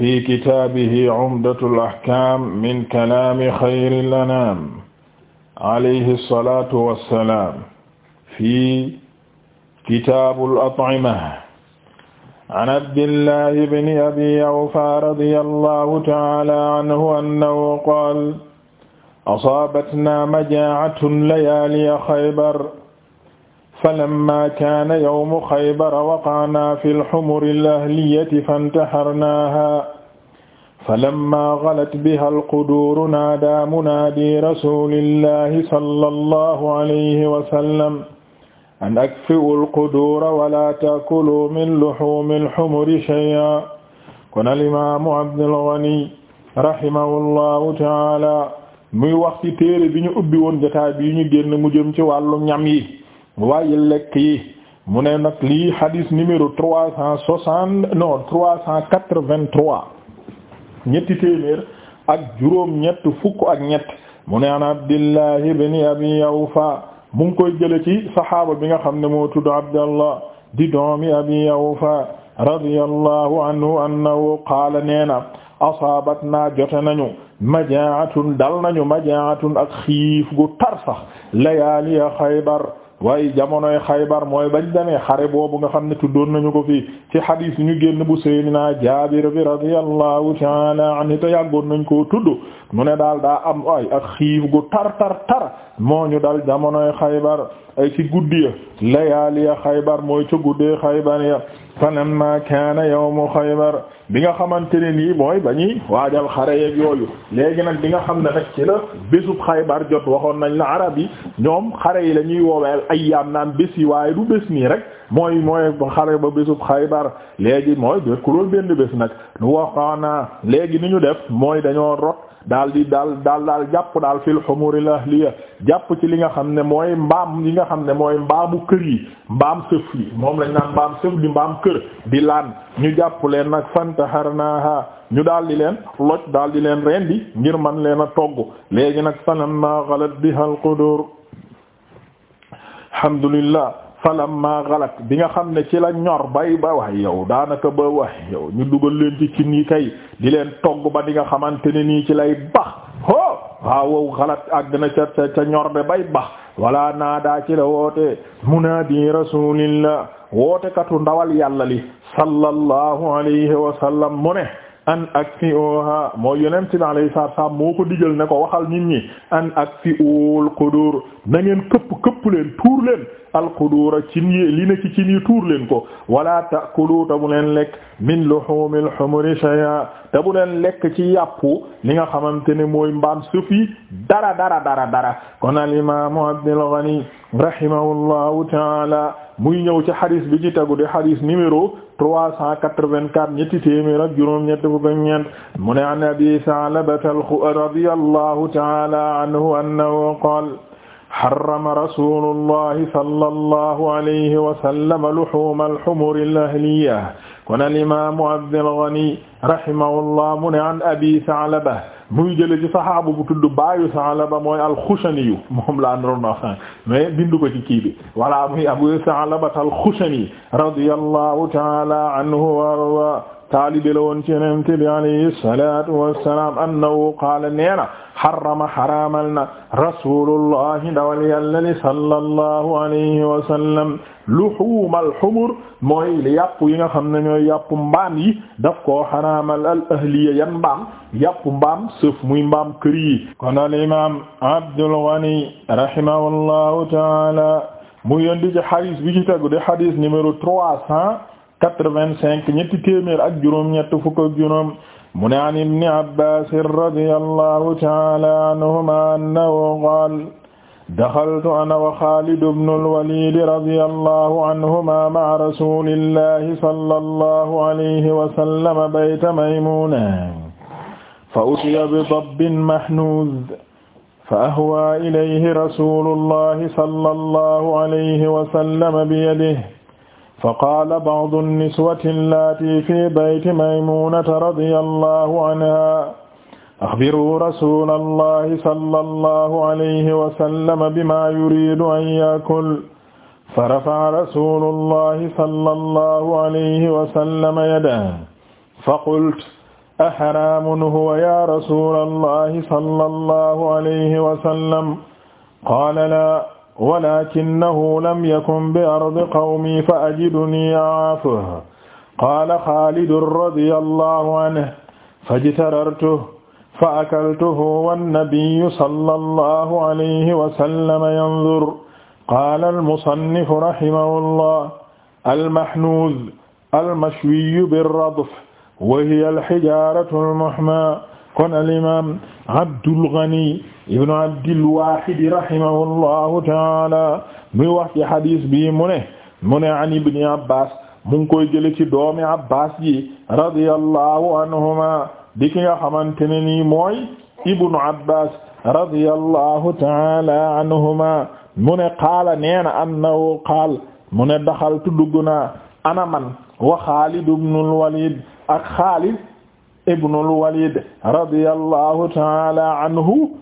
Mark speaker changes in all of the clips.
Speaker 1: fi kitaabihi cumdatul axkaam min kalaami xayril anaam alayhi salaatu wa salaam fi kitaabul atcima an abdillahi bni abi awfaa radiyallahu ta'aalaa canhu annahu qaala asaabatnaa majaacatun layaaliya xaybar فلما كان يوم خيبر وقعنا في الحمر الأهلية فانتحرناها فلما غلت بها القدور نادى منادي رسول الله صلى الله عليه وسلم أن أكفئوا القدور ولا تأكلوا من لحوم الحمر شيئا kon الإمام عبد الغني رحمه الله تعالى muy wax ci téere bi ñu ubbi woon jotaay bi ñu génn mu jëm ci wàllu ñam yi waaye lekk yi mu ne nag lii hadis numéro trois cent soixante non trois cent quatre-vingt-trois ñetti téeméer ak juróom ñett fukk ak ñett mu ne an Abdullah ibn Abi Awfa mu koy jële saxaaba bi nga xam ne moo tudd Abdallah di doomi Abi Awfa radiyallahu anhu annahu qaala neena asaabat naa jote nañu majaatun dal nañu majaatun ak xiif gu tar sax layaaliya waaye jamonoy xaybar mooy bañ demee xare boobu nga xam ne tuddoon nañu ko fii ci xadiis ñu génn bu seydina jaabir bi radiyallahu taala anhu te yàggoon nañ koo tudd mu ne daal daa am ay ak xiif gu tar tar tar moo ñu dal jamonoy xaybar ay ci guddi ya layaaliya xaybar mooy ca guddee xaybar ya falamma kaana yawmu xaybar bi nga xamante ne nii mooy ba ñuy waajal xare yeeg yooyu léegi nag bi nga xam ne rek ci la bésub xaybar jot waxoon nañ la arab yi ñoom xare yi la ñuy wooweel ayyaam naan bés yi waaye du bés nii rek mooy mooy xare ba bésub xaybar léegi mooy de kulool benn bés nag nu waxoon léegi ni ñu def mooy dañoo rot daal di daal daal daal jàpp daal fil humuril ahliya jàpp ci li nga xam ne mooy mbaam yi nga xam ne mooy mbaamu kër yi mbaam sëf yi moom lañ naan mbaam sëf di mbaam kër di laan ñu jàpp leen nag fantaharnaha ñu daal di leen loj daal di leen rendi ngir man leen a togg léegi nag falamma ghalat biha al qudur alhamdulillah falamma galat bi nga xam ne ci la ñor bay ba wax yow daanaka ba wax yow ñu dugal leen ci cin yi kay di leen togg ba di nga xamante ne nii ci lay bax ho waawow galat àgg na ca ñor be bay bax wala naa daa ci la woote munaadi rasulillah wootekatu ndawal yàlla li sallallahu alayhi wa mu ne an akfiuha mooy yonent bi alayhi salaatu salaam moo ko digal ne ko waxal nit ñi an akfiul qudur na ngeen këpp këpp leen tuur leen al qudura cin yi li ne ci cin yi tuur leen ko wala taakulu te bu leen lekk min luhumil humuri shay'a te bu leen lekk ci yàppu li nga xamante ne mooy mbaam suuf yi dara dara dara dara kon al imaamu Abdul Ghani rahimahullahu ta'ala muy ñëw ci xadis bi ci tegu di xadis numéro trois cent quatre-vingt-quatre ñetti téeméer ak juróom ñett fukk ak ñeent mu ne an abi Sa'laba radiyallahu ta'ala anhu annahu qaala harrama rasuulullahi sallallahu alayhi wa sallam luhuuma al-humuri al-ahliyya kon al-imaamu Abdul Ghani rahimahullah mu ne an abi Sa'laba mu ngi jële ci saxaabu bu tudd baayu Sa'laba mooy al-Xushani yu moom laa naroon na wax mais bindu ko ci kii bi voilà muy Abu Sa'laba al-Xushani radiyallahu ta'ala anhu wa taalibe la woon ci Yonent bi alayhi salaatu wassalaam annahu qaala neena xarama xaraamal na rasulullahi dawal yàlla li sallallahu alayhi wa sallam luhuumal humur mooy yàpp yi nga xam ne ñooy yàpp mbaam yi daf koo xaraamal al ahliya yan mbaam yàpp mbaam sëf muy mbaam kër yi kon al imaam Abdul Ghani rahimahullahu taala mu yondi ci xadis bi ci tegu de xadis numéro trois cent quatre-vingt-cinq ñetti téeméer ak juróom ñett fukk ak juróom mu ne an ibni Abbaas radiyallahu ta'ala anhuma annahu qaala daxaltu ana wa Xaalid ibnu al-Waliid radiyallahu anhuma ma'a rasuulillahi sallallahu alayhi wa sallam bayta Maymuna fa utiya bi dabbin mahnuuz fa ahwaa ilayhi rasuulullahi sallallahu alayhi wa sallam bi yadihi faqaala ba'du niswati allati fi bayti maymunata radiyallahu anha axbiruu rasula allahi sallallahu alayhi wa sallam bima yuridu an yakul farafa'a rasulu allahi sallallahu alayhi wa sallam yadahu faqultu aharaamun huwa ya rasula allahi sallallahu alayhi wa sallam qaala laa walakinahu lam yakun bi ardi qawmi fa ajiduni aafuhu qaala xaalidun radiyallahu anhu fajtarartuhu fa akaltuhu wannabiyyu sallallahu alayhi wa sallam yanzur qaala almusannifu rahimahullah almahnuuz almashwiyyu birradf wa hiya alhijaaratu almuhmaa kon alimam abdulghani ibnu abdilwahidi rahimahullahu taala muy wax ci hadis bi mu ne mu ne an ibni abbas mu ngi koy jële ci doomi abbas ji radiyallahu anhuma di ki nga xamante ne nii mooy ibnu abbas radiyallahu taala anhuma mu ne qaala neena annahu qaal mu ne daxaltu dugg naa ana man wa xaalid ibnul walid ak xaalid ibnul walid radiyallahu taala anhu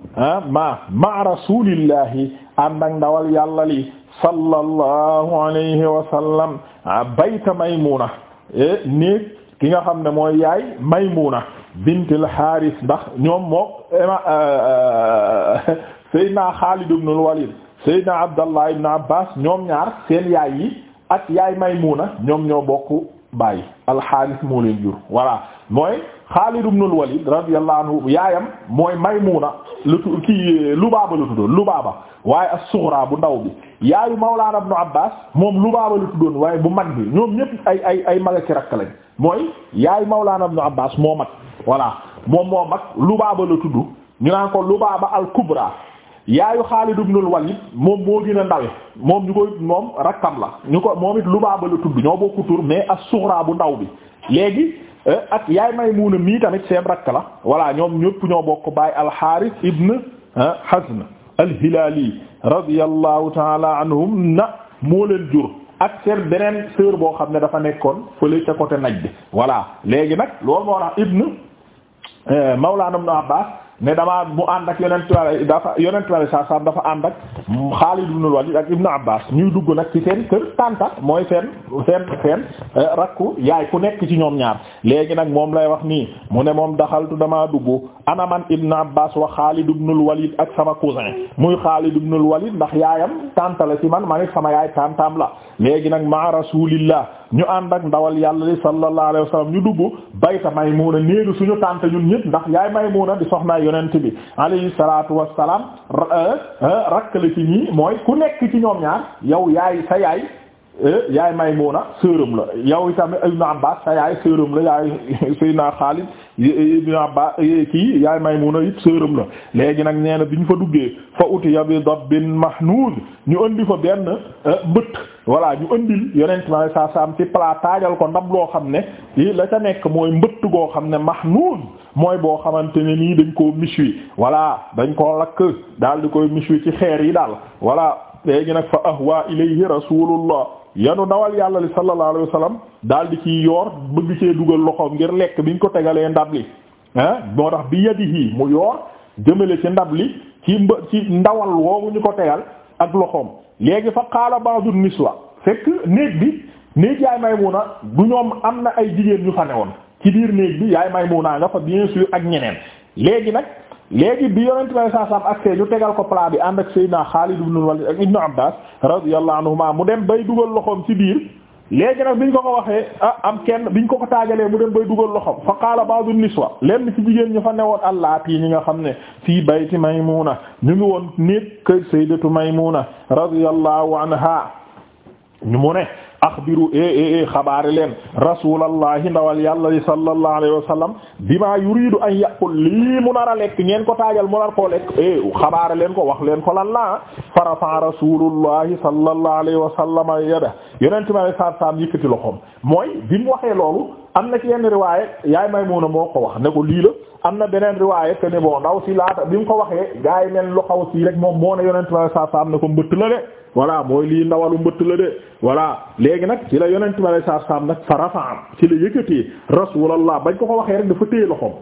Speaker 1: ma ma rasulillahi ànd ak ndawal yàlla li sallallahu alayhi wa sallam bayta maymuna e, néeg ki nga xam ne mooy yaay maymuna bintul haris ndax ñoom mook e, e, sayyidina xaalid ibnul walid sayyidina abdallah ibn abbas ñoom ñaar seen yaay yi ak yaay maymuna ñoom ñoo bokk bàyyi alxaaris moo leen jur voilà mooy Xaalid ibnul Walid radiyallahu yaayam mooy Maymuna lu tu kii Lubaaba la tuddoon Lubaaba waaye as bu ndaw bi yaayu Mawlaana ibnu Abbaas moom Lubaaba la tuddoon waaye bu mag bi ñoom ñëpp ay ay ay mag ci rakk lañ mooy yaayu Mawlaana ibnu Abbaas moo mag voilà moom moo mag Lubaaba la tudd ñu naan ko Lubaaba al-Kubra yaayu Xaalid ibn al moom moo gën a ndawe moom ñu koy moom rakkam la ñu ko moom it Lubaaba la tudd ñoo bokku tur mais as-Sughra bu ndaw bi léegi eh, ak yaay Maymuna mii tamit seen rakk la voilà ñoom ñëpp ñoo bokk baay al-Harith ibn eh, Hazn al-Hilali radiyallahu ta'ala anhum na moo leen jur ak seen beneen sœur boo xam ne dafa nekkoon fële ca côté Najd bi voilà léegi nag loolu moo tax ibn eh, Mawlana ibn Abbas ne damaa mu ànd ak yonent dafa yonent saa saa dafa ànd ak Xaalid ibn Walid ak Ibn Abbas ñuy dugg nag ci seen kër tanta mooy seen seen seen eh, rakku yaay ku nekk ci ñoom ñaar léegi nag moom lay wax nii mu ne moom daxaltu damaa dugg ana man Ibn Abbas wa Xaalid ibn Walid ak sama cousin muy Xaalid ibn Walid ndax yaayam tanta la ci man ma nit sama yaay tantam la léegi nag ma Rasulillah ñu ànd ak ndawal yàlla li sallallahu alayhi wa sallam ñu dugg bayta Maymuna néegu suñu tante ñun ñëpp ndax yaay Maymuna di soxnaay yonent bi alayhi salaatu wa salaam eh, eh, rakk ci mooy ku nekk ci ñoom ñaar yow yaay sa yaay eh, yaay Maymuna sërëm la yow itam Ibn Abbas sa yaay sërëm la yaay Seydina Xaalid Ibn Abbas eh, kii yaay may Maymuna it sërëm la léegi nag nee na bi ñu fa duggee fa uti ya bi dabbin mahnuud ñu andi fa benn eh, mbëtt voilà ñu andil yonent ma saa saam ci plat taajal ko ndab loo xam ne lii la ca nekk mooy mbëtt goo xam ne mahnuun mooy boo xamante ne nii dañ koo miswi voilà dañ koo lakk daal di koy miswi ci xeer yi daal voilà léegi nag fa ahwa ilayhi rasulullah yanu ndawal yàlla li sallallahu alayhi wa daal di ciy yoor bëgg cee dugal loxo ngir lekk biñ ko tegalee ndab li ah moo tax bi yadihi mu yoor jëmale ci ndab li ci mba ci ndawal woowu ñu ko tegal ak loxoom léegi fa qaala ba'du niswa fekk néeg bi néeg yaay Maymuna du ñoom am na ay jigéen ñu fa woon ci biir néeg bi yaay Maymuna nga fa bien sûr ak ñeneen léegi nag léegi bi yonent bi saa saam ak see ñu tegal ko plat bi ànd ak Seydina Xaalid ibn Walid ak Ibn Abbas radiyallahu anhuma mu dem bay dugal loxoom ci biir. léegi nag biñ ko ko waxee ah am kenn bi ñu ko ko taajalee mu dem bay dugal loxo fa qaala ba'du niswa lenn ci jigéen ñu fa newoon allaati ñi nga xam ne fii bayti Maymuna ñu ngi woon néeg kër sayyidatu Maymuna radiyallahu anha ñu mu ne axbiru ee e, xabaare leen rasulallahi ndawal yàlla li sallallahu alayhi wa sallam bima yuridu an yaqul lii mu nar a lekk ngeen ko taajal mu nar koo lekk e, xabaare leen ko wax leen ko lan la fa rafa'a rasulullahi sallallahu alayhi wa sallam yada yonent bi saa saam yëkkati loxoom mooy bi mu waxee loolu am na ci yenn riwaaye yaay Maymuna moo ko wax ne ko lii la am na beneen riwaaye que ne bon ndaw si laata bi mu ko waxee gaa yi mel loxaw si rek moom moo ne yonent bi saa saam ne ko mbëtt la de voilà mooy lii ndawalu mbëtt la de voilà léegi nag ci la yonent bi saa saam nag fa rafaam ci la yëkkatee Rasulullah bañ ko ko waxee rek dafa téye loxoom.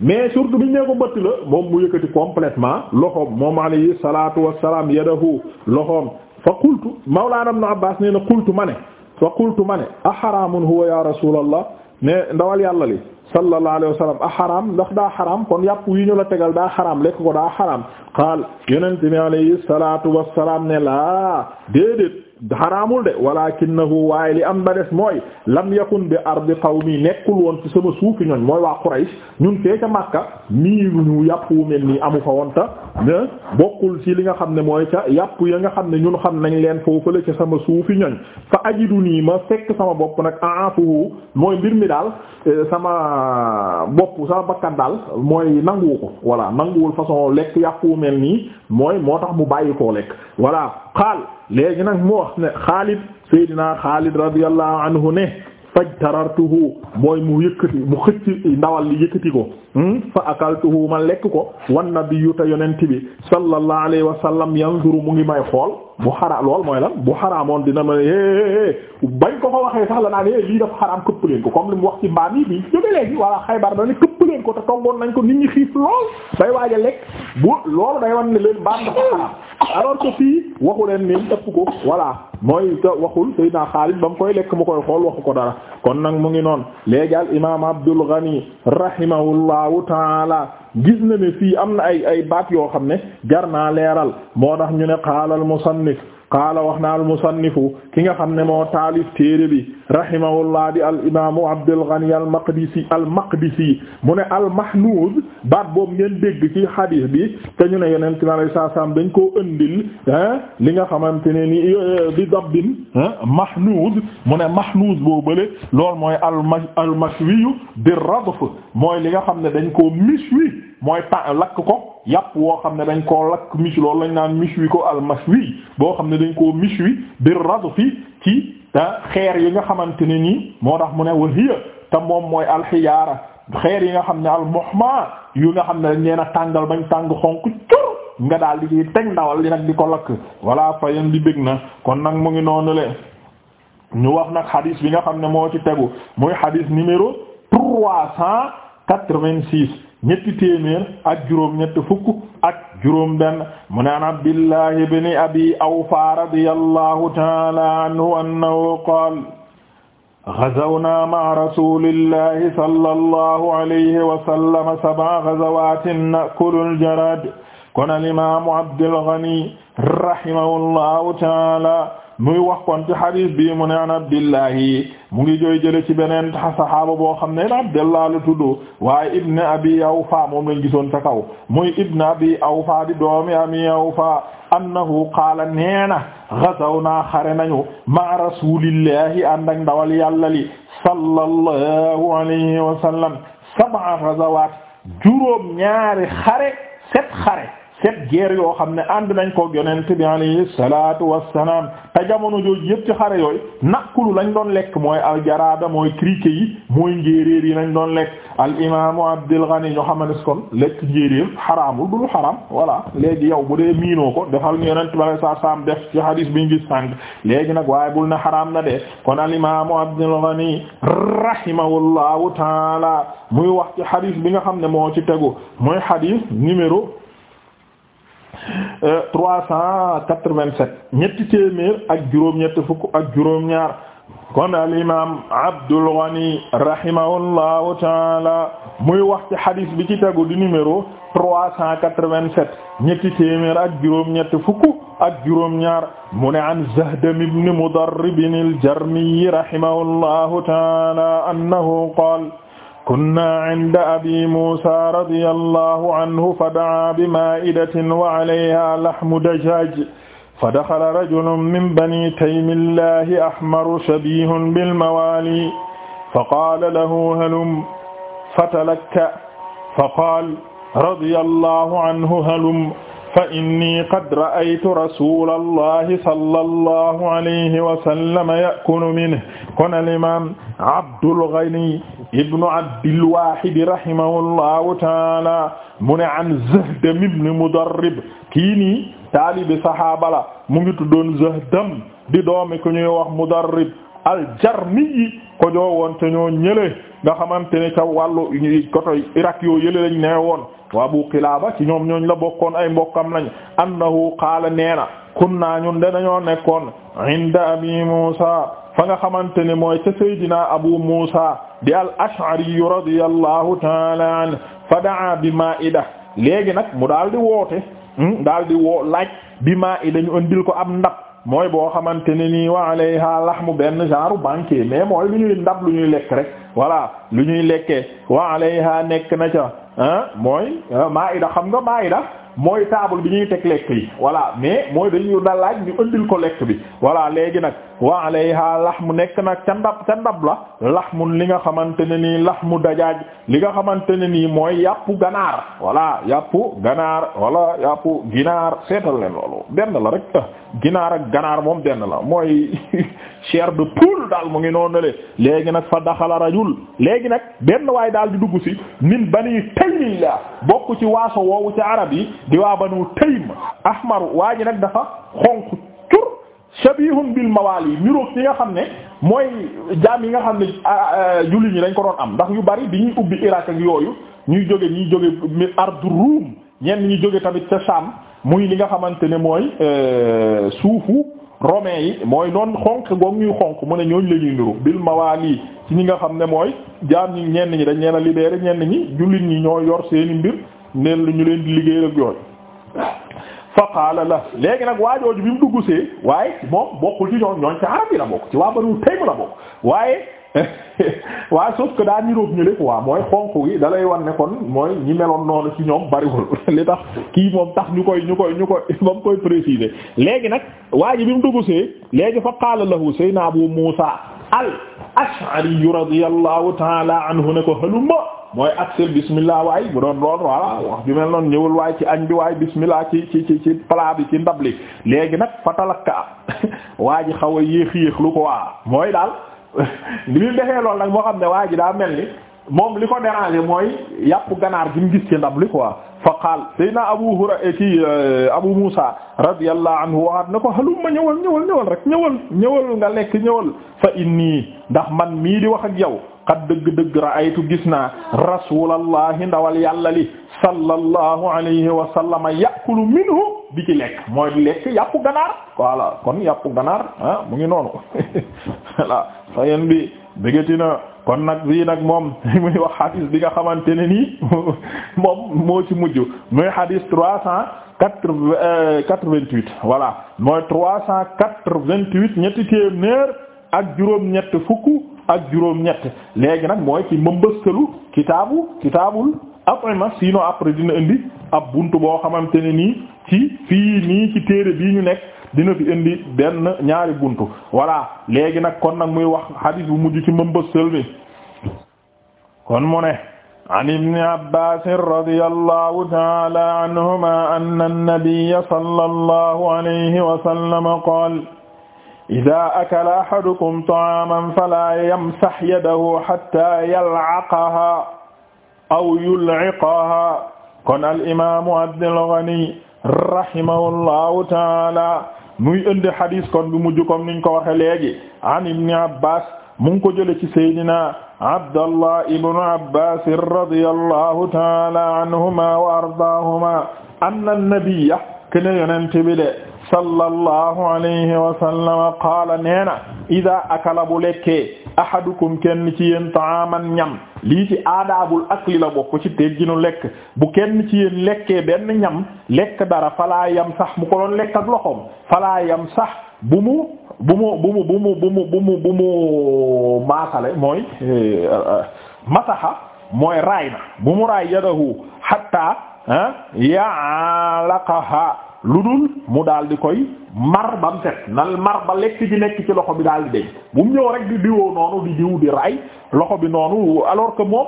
Speaker 1: mais surtout biñ nee ko bëtt la moom mu yëkkati complètement loxoom moom alayhi salaatu wassalaam yadahu loxoom fa qultu mawlaana ibn Abbaas nee na qultu ma ne fa qultu ma ne a xaraamun huwa ya rasuulallah ne ndawal yàlla li sallallahu alayhi wa sallam a xaraam ndax daa xaraam kon yàpp yi ñu la tegal daa xaraam lekk ko daa xaraam qaal yonente bi alayhi salaatu wassalaam ne laa déedéet xaraamul de walakinahu waaye li am ba des mooy lam yakun bi ardi mii nekkul woon ci sama suufi ñoñ mooy waa Quraysh ñun fee ca Makka nii ñu yàpp wu mel nii amu fa woon ta bokkul si li nga xam ne mooy ca yàpp ya nga xam ne ñun xam nañ leen foofu la ca sama suufi ñoñ fa ajidu nii ma fekk sama bopp nag aafuhu mooy mbir mi daal eh, sama bopp sama bakkan daal mooy nanguwu ko voilà nanguwul façon lekk yàpp wu mel nii mooy moo tax mu bàyyi koo lekk voilà xaal léegi nag mu wax ne Xaalid Seydina Xaalid radiyallahu anhu ne fajtarartuhu mooy mu yëkkati mu xëcc ndawal li yëkkati ko hmm? fa akaltuhu ma lekk ko wan nabiyyu ta yonent bi sallallahu alayhi wa sallam yanzuru mu ngi may xool bu xaraa lool mooy lan bu xaraamoon dina ma ne bañ ko ko waxee sax la naan lii dafa xaraam këpp leen ko comme li mu wax ci mbaam yi bi jóge léegi walla Xaybar dana këpp leen ko te toggoon nañ ko nit ñi xiif lool day waaja bu loolu day wan ne alors que fii waxu leen ni ëpp ko voilà mooy waxul naa Xaalid ba mu koy lekk mu koy xool waxu ko dara kon nag mu ngi noonu léegi al imaam Abdul Ghani rahimahullahu taala gis na ne fii am na ay ay baat yoo xam ne jar naa leeral moo tax ñu ne qaala al qaala wax na al musannifu ki nga xam ne moo taalif téere bi rahimahullah di al imaamu Abdul Ghani al maqdisi al maqdisi mu ne al mahnuuz baat boobu ngeen dégg ci hadith bi te ñu ne yeneen ci lay saa saam dañ koo ëndil li nga xamante ne ni euh, bi dabbin mahnuuz mu ne mahnuuz boo bële lool mooy al ma al mashwi bi radf mooy li nga xam ne dañ koo mishwi mooy pa lakk ko. yàpp woo xam ne dañ ko lakk mish loolu lañ naan mish wi ko almashwi boo xam ne dañ koo mish wi bir radfi ci ah, xeer yi nga xamante ne nii moo tax mu ne wa hiya te moom mooy alxiyaara xeer yi nga xam ne almuhma yu nga xam ne dañ leen a tàngal bañ tàng xonq cur nga daal di ciy teg ndawal li nag di ko lakk walla fayen di bég na kon nag mu ngi noonu le ñu wax nag xadiis bi nga xam ne moo ci tegu muy xadiis numéro trois cent quatre-vingt-six ñetti téeméer ak juróom ñetti fukk ak juróom benn mu naan Abdullah ibn Abi Awfa radiyallahu ta'ala anhu annahu qaala ghazawna ma'a rasulillahi sallallahu alayhi wa sallam sab'a ghazawaatin na'kulu al-jarad kon al-imam Abdul Ghani rahimahullahu taala muy wax kon ci hadith bi mu ne an mu ngi jooy jële ci beneen sahaaba boo xam ne abdullah la tudd waaye ibn abi awfa moom lañ gisoon ca kaw muy ibn abi awfa di doomi ami awfa annahu qaala neena ghazawna xare nañu ma rasulillahi ànd ak ndawal yàlla li sallallahu alayhi wa sab'a ghazawat juróom ñaari xare set xare set guerre yoo xam ne ànd nañ ko yonent bi alayhi salaatu wassalaam te jamono jooju yëpp ci xare yooyu nakulu lañ doon lekk mooy aljaraada mooy criquet yi mooy njéeréer yi lañ doon lekk al imaamu Abdul Ghani ñoo xamante ne kon lekk njéeréer xaraamul du lu xaraam voilà léegi yow bu dee miinoo ko defal ñu yonent bi alayhi salaatu wassalaam def ci hadis bi ñu léegi nag waaye bul na xaraam na de kon al imaamu Abdul Ghani rahimahullahu taala muy wax ci hadis bi nga xam ne moo ci tegu mooy hadis numéro. trois cent quatre-vingt-sept ak juróom-ñett kon al imam Abdul Ghani rahimahullahu taala muy wax ci hadis bi ci tegu di numéro trois cent quatre-vingt-sept ak juróom-ñett fukk an Zahdam ibn Mudarrib al-Jarmi rahimahullahu taala annahu qaala kunna inda abi musa radiyallahu anhu fada'a bima'idatin wa 'alayha lahmu dajaaj fadaxala rajulun min bani taymillahi ahmaru shabihun bilmawaali faqaala lahu halum fatalakka faqaala radiyallahu anhu halum fa inni qad ra'aytu rasulallahi sallallahu alayhi wa sallam ya'kulu minhu kon al-imam Abdul Ghani ibnu Abdil Wahid rahimahullahu ta'ala mu ne an Zahdam ibn Mudarrib kii nii taalibi sahaaba la mu ngi tuddoon Zahdam di doomi ku ñuy wax Mudarrib al-Jarmi ko joowoon te ñoo ñële nga xamante ne ca wàllu koto Irak yoo yële lañ nee woon wa Abu Qilaaba ci ñoom ñooñ la bokkoon ay mbokkam lañ annahu qaala neena kunna ñun de dañoo nekkoon inda abi Muusa fa nga xamante ne mooy ca Seydina Abu Muusa di al-Ash'ari radiyallahu ta'ala an fa daa bi maa'ida léegi nag mu daal di woote hmm, daal di woo laaj bi maa'ida ñu andil ko am ndab mooy boo xamante ne ni wa alayha lahmu benn genre banquier mais mooy lu ñuy ndab lu ñuy lekk rek voilà lu ñuy lekke wa alayha nekk na mooy maida xam nga maida mooy table bi ñuy teg lekk yi wala mais mooy dañu la laaj ñu ëndil ko lekk bi voilà léegi nag wa alayha laxmu nekk nag ca ndab ca ndab la laxmun li nga xamante ne nii laxmu dajaaj li nga xamante ne nii mooy yàppu ganaar walla yàppu ganaar walla yàppu ginaar seetal leen loolu benn la rek ginaar ak ganaar moom benn la mooy chair de poule daal mu ngi noonu le léegi nag fa daxala rajul léegi nag benn waay daal di dugg ci min bani taym la bokk ci waaso woowu ci arab yi di waa banu taym ahmaru waa ji nag dafa xonq shabihun bil mawali niroog yi nga xam ne mooy jaam yi nga xam ne ah, ah, jullit ñi dañ ko doon am ndax yu bari bi ñuy ubbi Irak ak yooyu ñuy jóge ñuy jóge ardu Ruum ñenn ñu jóge tamit ca Sham muy li nga xamante ne mooy euh, suufu romain yi mooy noon xonq goog ñuy xonq mu a ñooñ la ñuy niru bil mawali ci ñi nga xam ne mooy jaam ñi ñenn ñi dañ leen a libéré ñenn ñi jullit ñi ñoo yor seeni mbir neen lu ñu leen di liggéey ak yooyu fa qaala la léegi nag waajooju bi mu duggu see waaye moom bokkul ci ñoom ñooñ ci arab la bokk ci waa Banu Taym la bokk waaye waaye sauf que daa niroog ñële quoi mooy xonq gi da lay wan ne kon mooy ñi meloon noonu ci ñoom bariwul li tax kii moom tax ñu koy ñu koy ñu moom koy préciser léegi nag waa ji bi mu dugg see léegi fa qaala lahu sayna Abu Muusa al Ash'ari radiyallahu ta'ala anhu ne ko halumma mooy aksel bismillah waay bu doon lool voilà wax ju mel noonu ñëwul waay ci añ bi waay bismillah ci ci ci ci plat bi ci ndab li léegi nag fatalakka waa ji xaw a yéex yéex lu ko waa mooy daal li mu defee lool nag moo xam ne waa ji daa mel ni moom li ko dérangé mooy yàpp ganaar gi mu gis ci ndab li waa fa qaal sayna abu hurayra eh, ki euh, abu musa radiyallahu anhu waxaat na ko halum ma ñëwal ñëwal ñëwal rek ñëwal ñëwal nga lekk ñëwal fa inni ndax man mii di wax ak yow qad dëgg-dëgg ra'aytu gis naa rasulallahi ndawal yàlla li sallallahu alayhi wa sallama ya'kulu minhu bi ci lekk mooy di lekk yàpp ganaar voilà kon yàpp ganaar ah mu ngi noonu voilà sa yeen bi bëggati na kon nag bii nag moom muy wax hadis bi nga xamante ne nii moom moo ci mujj muy hadis trois cent quatre-vingt-huit euh, voilà mooy trois cent quatre-vingt-huit ñetti téeméer ak juróom-ñett fukk ak juróom-ñett léegi nag mooy ci mëmbëstalu kitaabu kitaabul at'ima sinon après dina indi ab buntu boo xamante ne nii ci fii nii ci téere bii ñu nekk dina fi indi benn ñaari buntu voilà léegi nag kon nag muy wax hadith bu mujj ci mëmbëstal bi kon mu an ibni abbasin radiyallahu ta'ala anhuma sallallahu alayhi wa sallam ida akala ahadukum ta'aaman fala yamsax yadahu hatta yalcaqaha aw yulciqaha kon alimamu Abdul Ghani rahimahullahu taala muy indi hadis kon bu mujj comme niñ ko waxe léegi an ibni abbas mu ngi ko jële ci saydina abdallah ibnu abbas radiyallahu taala anhuma wa ardaahuma anna nabiyya kene yonente bi de sallallahu alayhi wa sallam qaala neena ida akala bu lekkee ahadukum kenn ci yéen taaman ñam lii ci aadaabul akli la bokk ci tegginu lekk bu kenn ci yéen lekkee benn ñam lekk dara falaa yam sax mu ko doon lekk ak loxoom falaa yam sax bu mu bu mu bu mu bu mu bu mu bu mu bu mu maasale mooy eh, masaxa mooy raay na bu mu raay yadahu hatta ah, yalaqaha lu dul mu daal di koy mar ba mu set nal mar ba lekk di nekk ci loxo bi daal di deñ bu mu ñëw rek di diwoo noonu di diw di ray loxo bi noonu alors que moom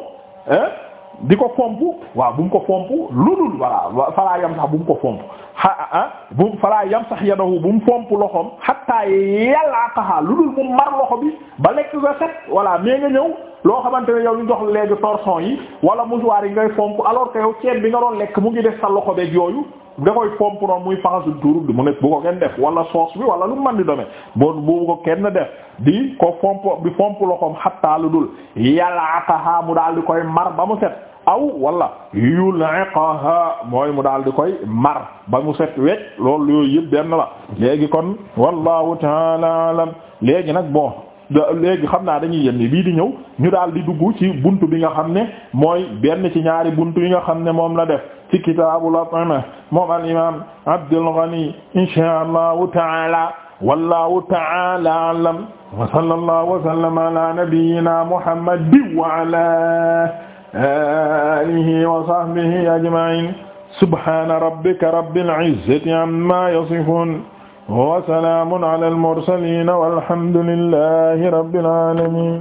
Speaker 1: di ko fomp waaw bu mu ko fomp lu dul voilà falaa yam sax bu mu ko fomp aa bu falaa yam sax yadahu bu mu fomp loxoom xattaa yàllaa taxaa lu dul mu mar loxo bi ba lekk ga set voilà mais nga ñëw loo xamante ne yow ñu jox léegi torchon yi wala mouchoir yi ngay fomp alors que yow ceeb bi nga doon lekk mu ngi def sa loxo beeg yooyu da koy pomp noonu muy faxasul tuuru mu ne bu ko kenn def wala soos bi wala lu man di dome boo bu ko kenn def di ko fomp bi fomp loxoom xattaa lu dul yalaaqaha mu daal di koy ba mu set aw wala yulaqaha mooy mu daal di koy mar ba mu set wecc lool yooyu yëpp benn la léegi kon wallahu taala alam léegi nag bon léegi xam naa dañuy yem ni bii di ñëw ñu daal di dugg ci buntu bi nga xam ne mooy benn ci ñaari buntu yi nga xam ne moom la def ci kitaabul at'ima moom al imam Abdul Ghani inshaa Allahu ta'ala wallahu ta'ala a'lam wa sallallahu wa sallama ala nabiyyina Muhammadin wa ala alihi wa sahbihi ajma'in subhana rabbika rabbil izzati amma yasifun wa salamun ala al mursalin walhamdulillahi rabbil alamin